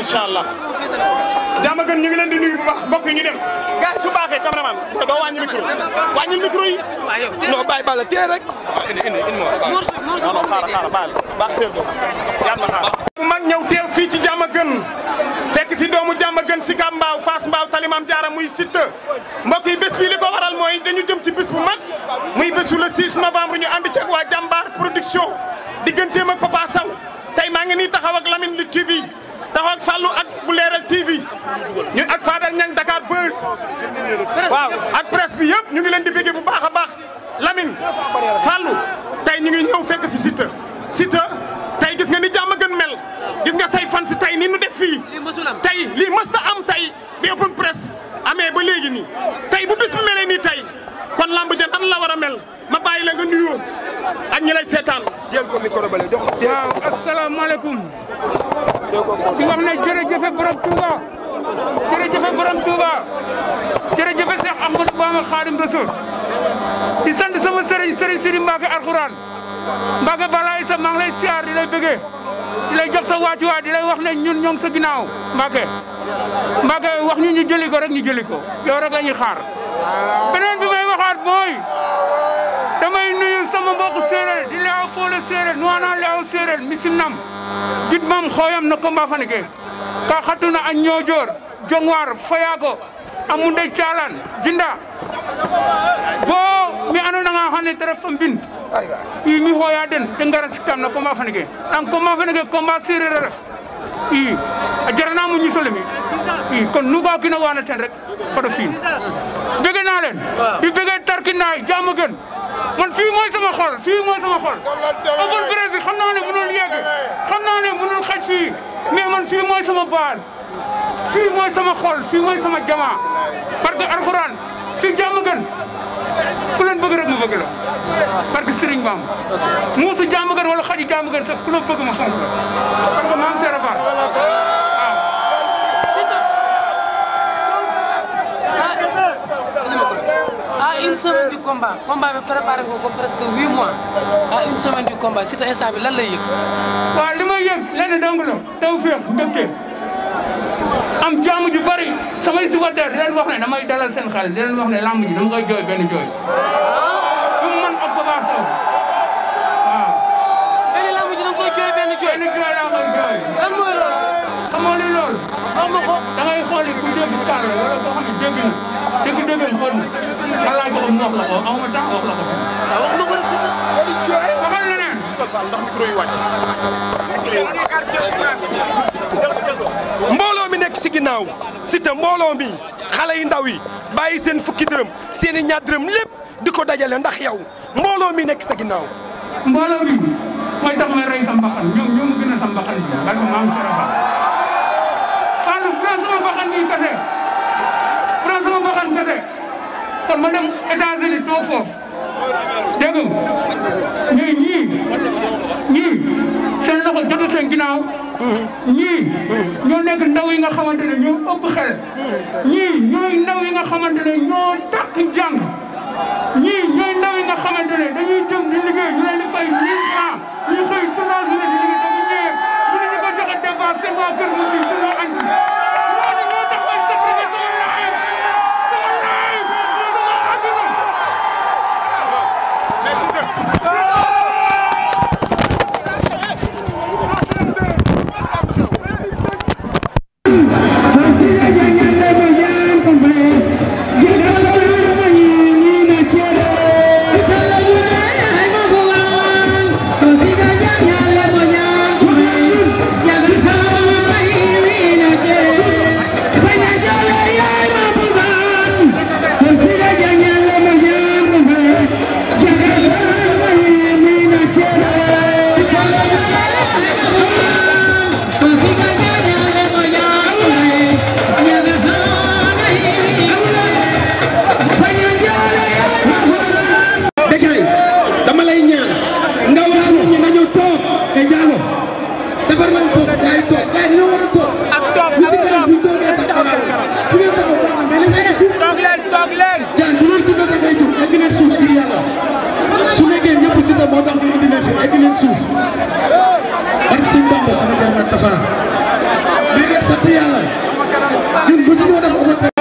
incha allah jàmm gën ñu ngi leen di nuyu bu baax mbokk yi ñu dem. su baaxee cameraman bi doo wàññi micro wàññi a ma xaaral. bu mag ñëw teew fii ci jàmm gën fekk fi doomu jàmm gën si Kàmb Mbaaw Fass Mbaaw Talimam Jaara muy Siteu mbokk yi bés bi li ko waral mooy dañu jëm ci bés bu mag muy bésu la 6 novembre ñu ànd ci ak waa jàmbaar production digganteem ak Papa Sow tey maa ngi nii taxaw ak Lamine Lutte TV taxaw ak Fallou ñu ak Fadal Niang dakaar Buzz waaw ak presse bi yëpp ñu ngi leen di bëggee bu baax a baax Lamine Fallou tey ñu ngi ñëw fekk fi Siteu Siteu tey gis nga ni jàmm gën mel gis nga say fan si tey ni nu def fii tey lii mësta am tey bi open presse amee ba léegi ni tey bu bis bi melee nii tey kon lamb ja nan la war a mel ma bàyyi la nga nuyoo ak ñi lay seetaan. jël ko micro bële jox waaw asalaamaaleykum. di wax ne jërëjëf borom Touba. borom Touba jërëjëf Cheikh Ahmadou Bamba Khadim Rasoul di sant sama sëriñ sëriñ sëriñ Mbacke Alxuraan Mbacke balaay sa maa ngi lay siyaar di lay bëggee di lay jox sa waajuwaay di lay wax ne ñun ñoo sa ginnaaw Mbacke Mbacke wax ñu ñu jëli ko rek ñu jëli ko yow rek la ñuy xaar beneen bi may waxaat mooy damay nuyu sama mbokku séeréer di laaw foole séeréer nuwaanaa laaw séeréer misim nam jit maam xooyam na ko mbaa fanike ka xatuna añ ñoo Jonwaar Fayago Amounde Thialane Jinda bo mi andoonanga xane ta ref o mbind i mi xooya den de ngara sikkaam no combat fene ke yaam combat fene ke combat ref i a jarana mo ñisole kon nu ga kiin a waana rek fada fi'in bege na leen i tarkinaay jaamo man fii mooy sama xol fii mooy sama xol open presse xam naa ne mënul yegg xam naa ne mënul xaj fii mais man fii mooy sama baal fii mooy sama xol fii mooy sama jamaa parce que alxuraan fii jàmm gën ku leen bëgg rek ma bëgg la parce que Serigne muusu jàmm gën wala xaju jàmm gën sax ku la bëgg ma fonk la parce que maam Serap Fall ah. ah, une semaine du combat ko presque huit mois à ah, une semaine du combat si te instant yëg. waaw li may yëg lenn dong la taw féex ndëkkee. am jaamu ju bari samay supporter di leen wax ne damay dalal seen xel di wax ne lamb ji dama koy jooy benn jooy dum man ak Papa Sow waaw benn lamb ji danga jooy benn jooy laa koy jooy lan mooy loolu xamoo li loolu wax ma ko da ngay xool ku dégg kàll wala koo xam ne dégg na dégg déggan xool na alaa jox mu wax la ko aw ma tax wax la ah, wax ma rek sita waxal leneen ndax micro ginnaaw Siteu mbooloo mi xale yu ndaw yi bàyyi seen fukki dërëm seen i ñaar lépp di ko dajale ndax yow mbooloo nekk sa ginnaaw. mbooloo mi mooy tax ma rey sa ñoom ñoo gën a sa Ba. Fane bu doon sama mbaxan bi kese bu mbaxan kese kon ma dem États-Unis doo ñii ñii. ginnaaw ñii ñoo nekk ndaw yi nga xamante ne ñoo ëpp xel ñii ñooy ndaw yi nga xamante ne ñoo dàq jàng ñii ñooy ndaw yi nga dañuy jëm di liggéey ñu leen di fay mille francs ñu xëy defar leen foofu ay toog suuf barke sëñ Bamba sama borom ak Tafa mais nag sant yàlla ñun mosu ñoo def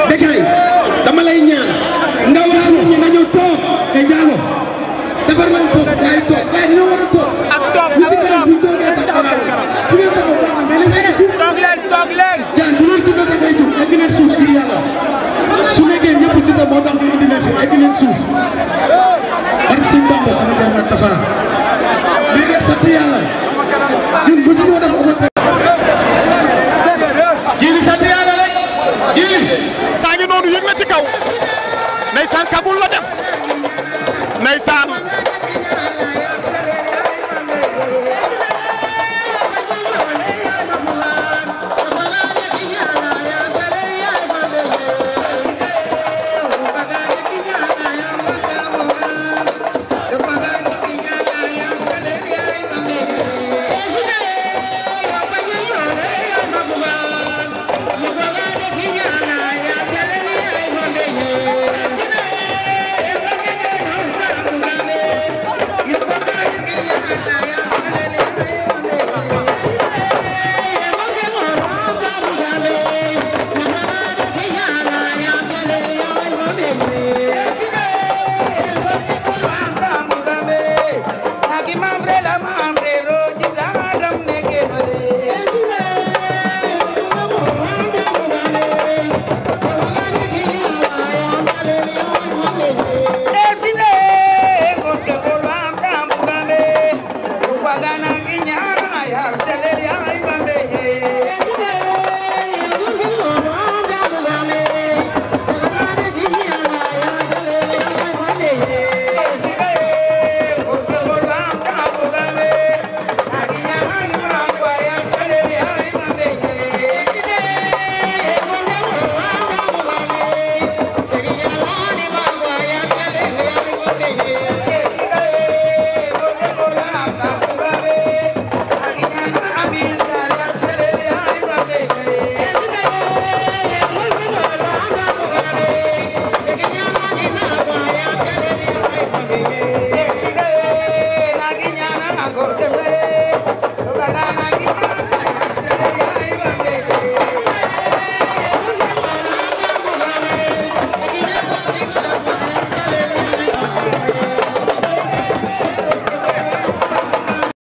ñun iñaana yaw telel yaay ma mbeñe Hey!